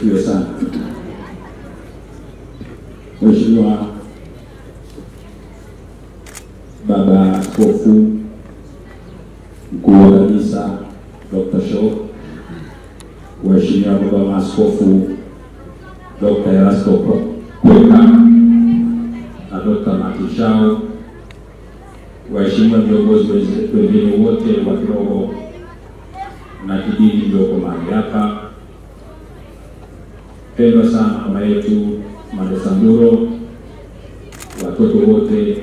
sikio sana Mheshimiwa Baba Askofu Mkuu wa Kanisa Dr. Shaw, Mheshimiwa Baba Maaskofu Dr. Erasto Kweka na Dr. Matishao, waheshimiwa viongozi wengine wote wa kiroho na kidini kwa mahali hapa pendwa sana mama yetu Madesamburo, watoto wote,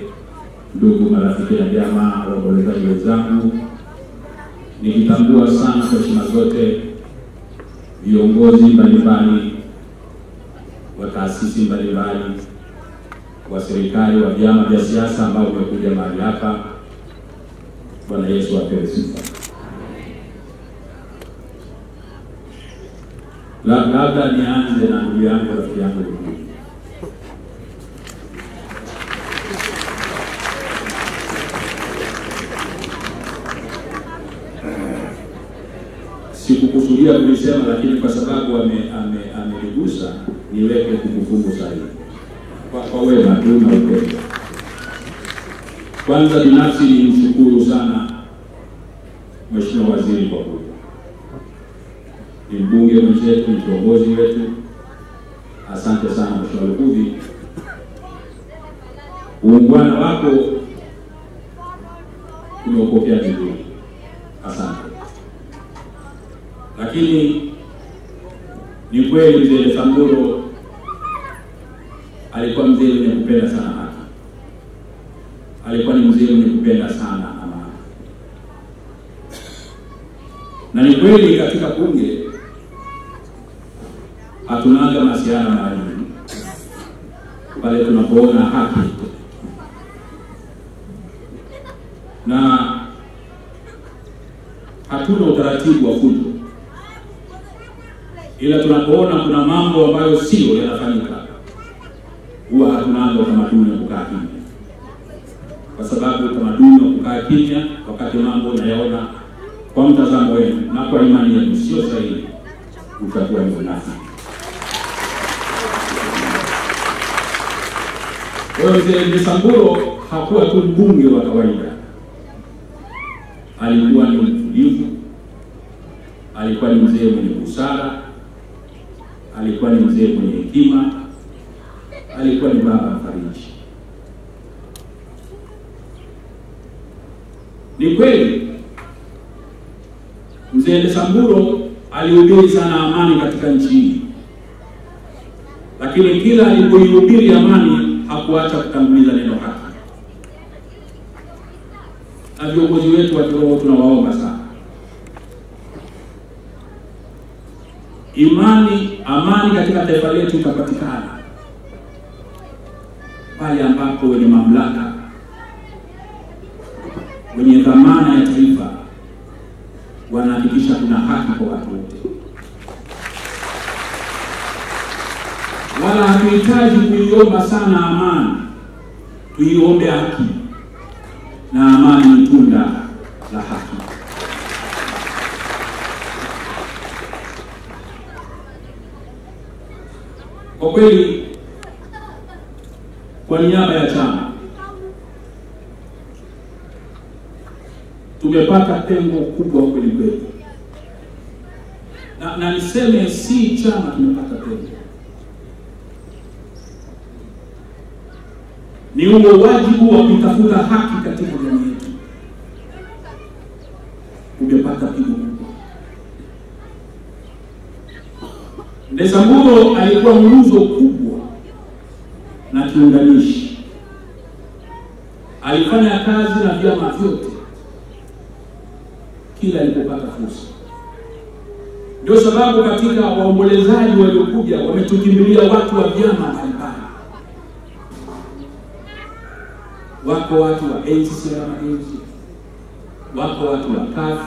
ndugu, marafiki na jamaa, waombolezaji wenzangu, nikitambua sana kwa heshima zote viongozi mbalimbali wa taasisi mbalimbali wa serikali wa vyama vya siasa ambao wamekuja mahali hapa. Bwana Yesu apewe sifa. Labda nianze na ndugu yangu, rafiki yangu sikukusudia kulisema, lakini kwa sababu ameligusa ame, ame niweke kumbukumbu sahihi kwa, kwa wema tu na upendo. Kwanza binafsi mshukuru sana Mheshimiwa Waziri kwa mbunge mwenzetu, kiongozi wetu. Asante sana Mheshimiwa Lukuvi, uungwana wako tumeupokea vizuri, asante. Lakini ni kweli mzee Samburu alikuwa mzee mwenye kupenda sana haki, alikuwa ni mzee mwenye kupenda sana amani, na ni kweli katika bunge hatunaga masiara mara pale tunapoona haki na hatuna utaratibu wa kuja, ila tunapoona kuna mambo ambayo sio yanafanyika, huwa hatunaga utamaduni wa kukaa kimya, kwa sababu utamaduni wa kukaa kimya wakati mambo unayaona kwa mtazamo wenu na kwa imani yenu sio sahihi, utakuwa ni unafiki. Kwa hiyo mzee Msamburo hakuwa tu mbunge wa kawaida, alikuwa ni mtulivu, alikuwa ni mzee mwenye busara, alikuwa ni mzee mwenye hekima, alikuwa ni baba mfariji. Ni kweli mzee Msamburo alihubiri sana amani katika nchi hii, lakini kila alipoihubiri amani kuacha kutanguliza neno haki. Na viongozi wetu wa kiroho tunawaomba sana, imani amani katika taifa letu itapatikana pale ambapo wenye mamlaka, wenye dhamana ya taifa wanahakikisha kuna haki kwa watu wote. wala ah, hatuhitaji kuiomba sana amani, tuiombe haki, na amani ni tunda la haki. Kwa kweli, kwa niaba ya chama tumepata pengo kubwa kweli kweli, na, na niseme si chama tumepata pengo ni huo wajibu wa kutafuta haki katika jamii yetu umepata pigo kubwa. Ndesamburo alikuwa nguzo kubwa na kiunganishi, alifanya kazi na vyama vyote kila alipopata fursa. Ndio sababu katika waombolezaji waliokuja wametukimbilia watu wa vyama wako watu wa ACCR Mageuzi, wako watu wa CUF,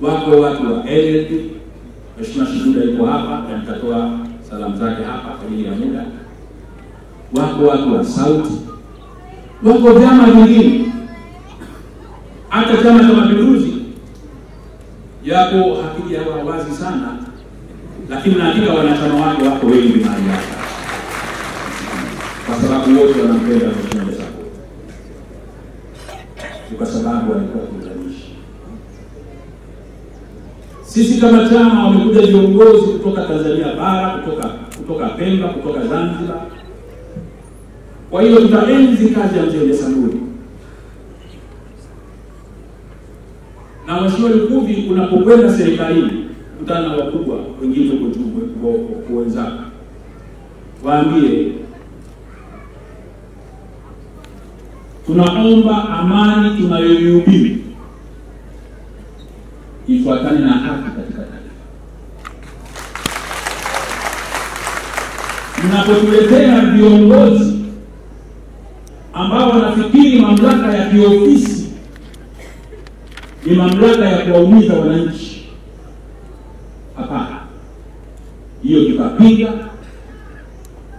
wako watu wa NLD. Mheshimiwa Shuhuda yuko hapa na nitatoa salamu zake hapa kwa ajili ya muda. Wako watu wa Sauti, wako vyama vingine, hata Chama cha Mapinduzi yapo yawa wazi sana, lakini nahakika wanachama wake wako wengi mahali hapa, kwa sababu wote wanampenda Mheshimiwa ni kwa sababu walikuwa kiunganishi. Sisi kama chama wamekuja viongozi kutoka Tanzania bara, kutoka kutoka Pemba, kutoka Zanzibar. Kwa hiyo tutaenzi kazi ya mzee Jasambuli na Mheshimiwa Lukuvi, unapokwenda serikalini kutana na wakubwa wengine, kuwenzako waambie tunaomba amani tunayoihubiri ifuatane na haki katika taifa. Mnapotuletea viongozi ambao wanafikiri mamlaka ya kiofisi ni mamlaka ya kuwaumiza wananchi, hapana. Hiyo tukapiga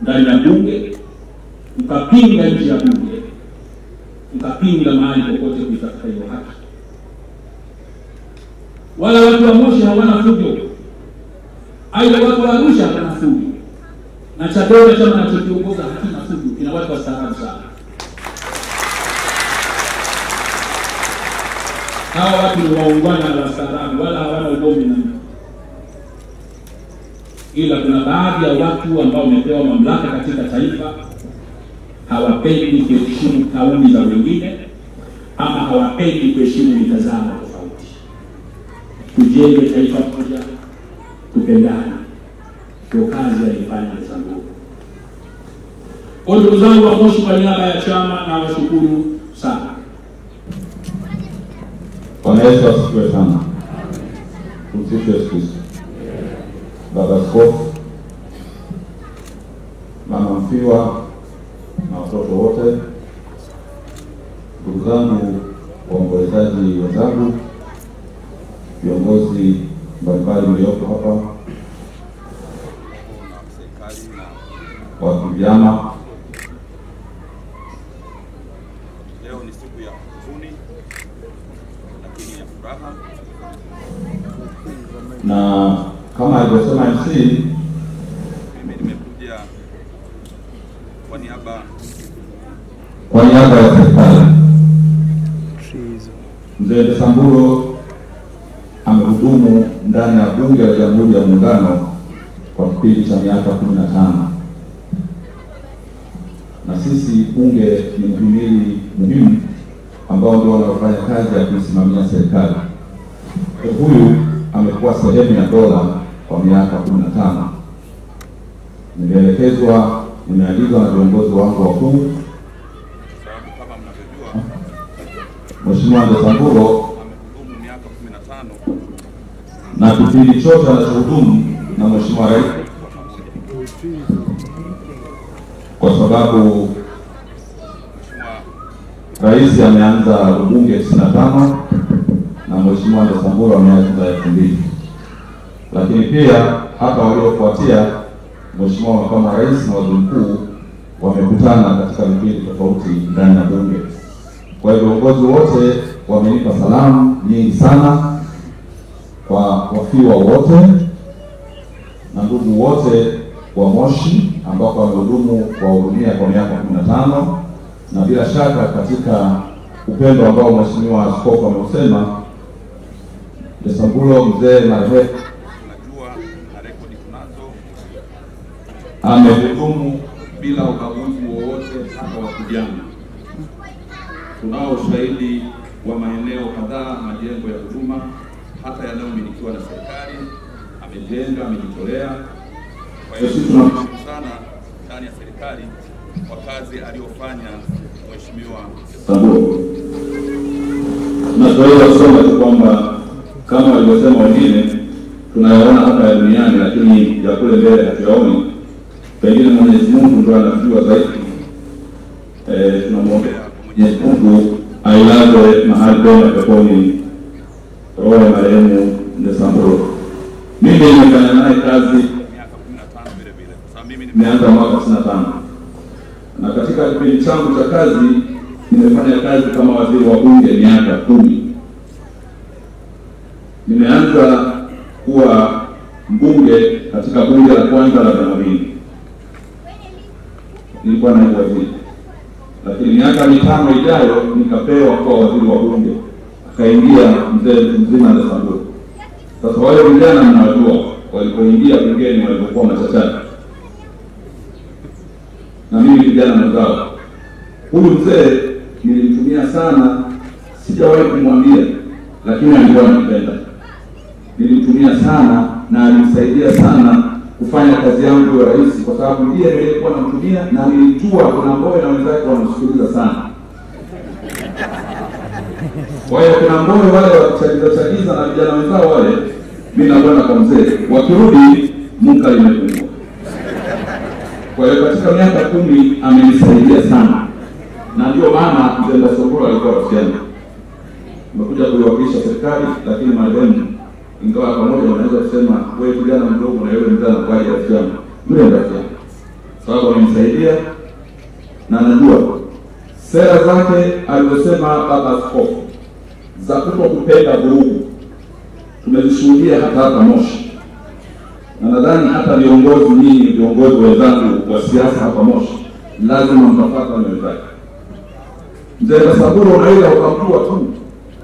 ndani ya bunge, tukapinga nje ya bunge tukapinga mahali popote kuitafuta hiyo haki. Wala watu wa Moshi hawana fujo, aidha watu wa Arusha hawana fujo, na Chadema chama nachokiongoza hakina fujo, kina watu wastaarabu sana. Hawa watu ni waungwana na wastaarabu, wala hawana ugomvi na mtu ila kuna baadhi ya watu ambao wamepewa mamlaka katika taifa hawapendi kuheshimu kauli za wengine ama hawapendi kuheshimu mitazamo tofauti. Tujenge taifa moja, kupendana ndio kazi alifanya Sanduku. Kwa ndugu zangu wa Moshi, kwa niaba ya chama na washukuru sana. Bwana Yesu asifiwe sana. Tumsifu Baba Askofu, Mama Mfiwa, na watoto wote, ndugu zangu waombolezaji wenzangu, viongozi mbalimbali mliopo hapa, watu vijana, leo ni siku ya huzuni lakini ya furaha, na kama alivyosema MC Mguro amehudumu ndani ya Bunge la Jamhuri ya Muungano kwa kipindi cha miaka kumi na tano na sisi Bunge ni mhimili muhimu ambao ndio wanaofanya kazi ya kuisimamia serikali. Huyu amekuwa sehemu ya dola kwa miaka kumi na tano. nimeagizwa na viongozi wangu wakuu, Mheshimiwa Ndesanguro na kipindi chote anachohudumu na Mheshimiwa Rais, kwa sababu Rais ameanza ubunge tisini na tano na Mheshimiwa Ndo ameanza elfu mbili lakini pia hata waliofuatia Mheshimiwa Makamu wa Rais na Waziri Mkuu wamekutana katika vipindi tofauti ndani ya Bunge. Kwa hiyo viongozi wote wamenipa salamu nyingi sana kwa wafiwa wote na ndugu wote wa Moshi ambako amehudumu kuwahudumia kwa miaka kumi na tano na bila shaka katika upendo ambao Mheshimiwa Askofu ameusema, Desambulo mzee marehemu amehudumu bila ubaguzi wowote hata wa kijana. Tunao ushahidi wa maeneo kadhaa majengo ya huduma hata yanayomilikiwa na serikali, amejenga, amejitolea. Kwa hiyo sisi tunamshukuru sana ndani ya serikali kwa kazi aliyofanya Mheshimiwa Sambo. Tunashauri kusema tu kwamba kama walivyosema wengine, tunayaona hapa ya duniani, lakini ya kule mbele hatuyaoni. Pengine Mwenyezi Mungu ndo anajua zaidi. Eh, tunamwombea Mwenyezi Mungu ailaze mahali pema peponi ole marehemu Ndesamburo. Mimi nimefanya naye kazi nimeanza mwaka tisini na tano na katika kipindi changu cha kazi nimefanya kazi kama waziri wa bunge miaka kumi. Nimeanza kuwa mbunge katika bunge la kwanza la Bagamoyo, nilikuwa naibu waziri, lakini miaka mitano ijayo nikapewa kuwa waziri wa bunge kaingia mzee mzima na sanduku. Sasa wale vijana mnajua walipoingia pengine walipokuwa machachari, na mimi vijana mwenzao. Huyu mzee nilimtumia sana, sijawahi kumwambia, lakini alikuwa anipenda. Nilimtumia sana na alinisaidia sana kufanya kazi yangu ya rahisi, kwa sababu ndiye nilikuwa namtumia na nilijua kuna Mbowe na wenzake wanamsikiliza sana kwa hiyo kuna mboyo wale wakichagiza na vijana wenzao wale, mi nakwenda kwa mzee, wakirudi muka limepungua. Kwa hiyo katika miaka kumi amenisaidia sana, na ndio maana mzee sokoro alikuwa rafiki yangu, umekuja kuiwakilisha serikali, lakini marehemu, ingawa pamoja wanaweza kusema wewe kijana mdogo na yule mzee anakuwaje rafiki yangu, yule rafiki yangu sababu amenisaidia na najua sera zake alizosema baba askofu za kuto kupenda vurugu tumezishuhudia hata hapa Moshi, na nadhani hata viongozi nyinyi, viongozi wenzangu wa siasa hapa Moshi, lazima mtafata mwenzake. Mzee Basaburo Raila ukamjua tu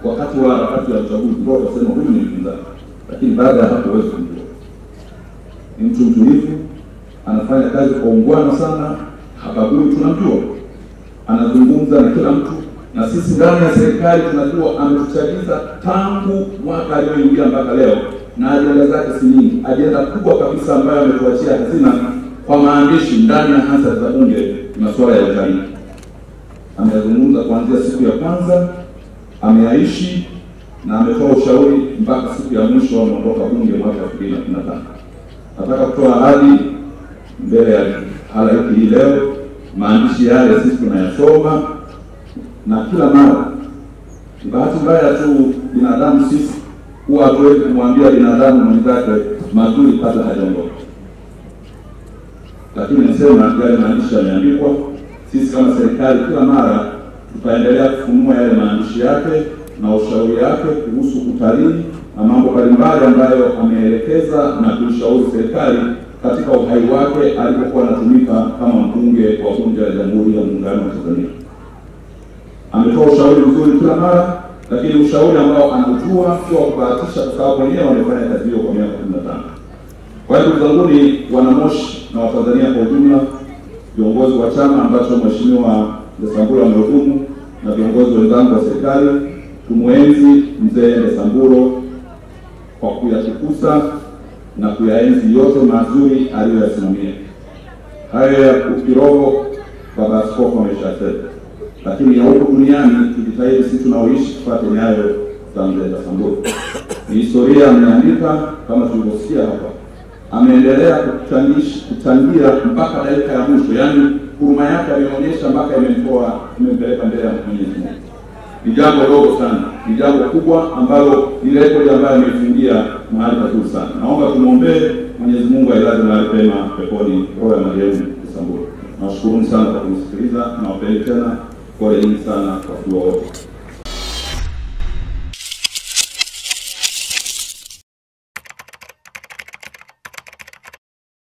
wakati wa harakati ya uchaguzi, ndio ukasema huyu ni mpinzani, lakini baada ya hapo huwezi kumjua. Ni mtu mtulivu, anafanya kazi kwa ungwana sana, habagui, tunamjua, anazungumza na kila mtu na sisi ndani ya serikali tunajua ametuchagiza tangu mwaka alioingia mpaka leo, na ajenda zake si nyingi. Ajenda kubwa kabisa ambayo ametuachia hazina kwa maandishi ndani ya hasa za bunge ni masuala ya utalii. Amezungumza kuanzia siku ya kwanza, ameyaishi na ametoa ushauri mpaka siku ya mwisho ameondoka bunge mwaka elfu mbili na kumi na tano. Nataka kutoa ahadi mbele ya halaiki hii leo, maandishi yale sisi tunayasoma na kila mara ni bahati mbaya tu binadamu sisi huwa hatuwezi kumwambia binadamu mwenzake mazuri kabla hajaondoka. Lakini nisema yale maandishi yameandikwa, sisi kama serikali kila mara tutaendelea kufunua yale maandishi yake na ushauri yake kuhusu utalii na mambo mbalimbali ambayo ameelekeza na kuishauri serikali katika uhai wake alipokuwa anatumika kama mbunge wa Bunge la Jamhuri ya Muungano wa Tanzania ametoa ushauri mzuri kila mara, lakini ushauri ambao anajua sio kubahatisha, kwa sababu wenyewe wamefanya kazi hiyo kwa miaka 15. Kwa hiyo ndugu zanguni, wanamoshi na Watanzania kwa ujumla, viongozi wa chama ambacho mheshimiwa Ndesamburo amehudumu na viongozi wenzangu wa serikali, tumwenzi mzee Ndesamburo kwa kuyatukusa na kuyaenzi yote mazuri aliyoyasimamia. Hayo ya kiroho baba askofu ameshasema lakini ya huko duniani tujitahidi sisi tunaoishi tufuate nyayo za mzee Kasamburu. Ni historia ameandika, kama tulivyosikia hapa, ameendelea kuchangia mpaka dakika ya mwisho, yaani huruma yake ameonyesha mpaka imemtoa imempeleka mbele ya Mwenyezi Mungu. Ni jambo dogo sana, ni jambo kubwa ambalo ni rekodi ambayo ameifungia mahali pazuri sana. Naomba tumwombee Mwenyezi Mungu ailaze mahali pema peponi roho ya marehemu Kasamburu. Nawashukuruni sana kwa kunisikiliza, nawapeni tena for the instant act of world.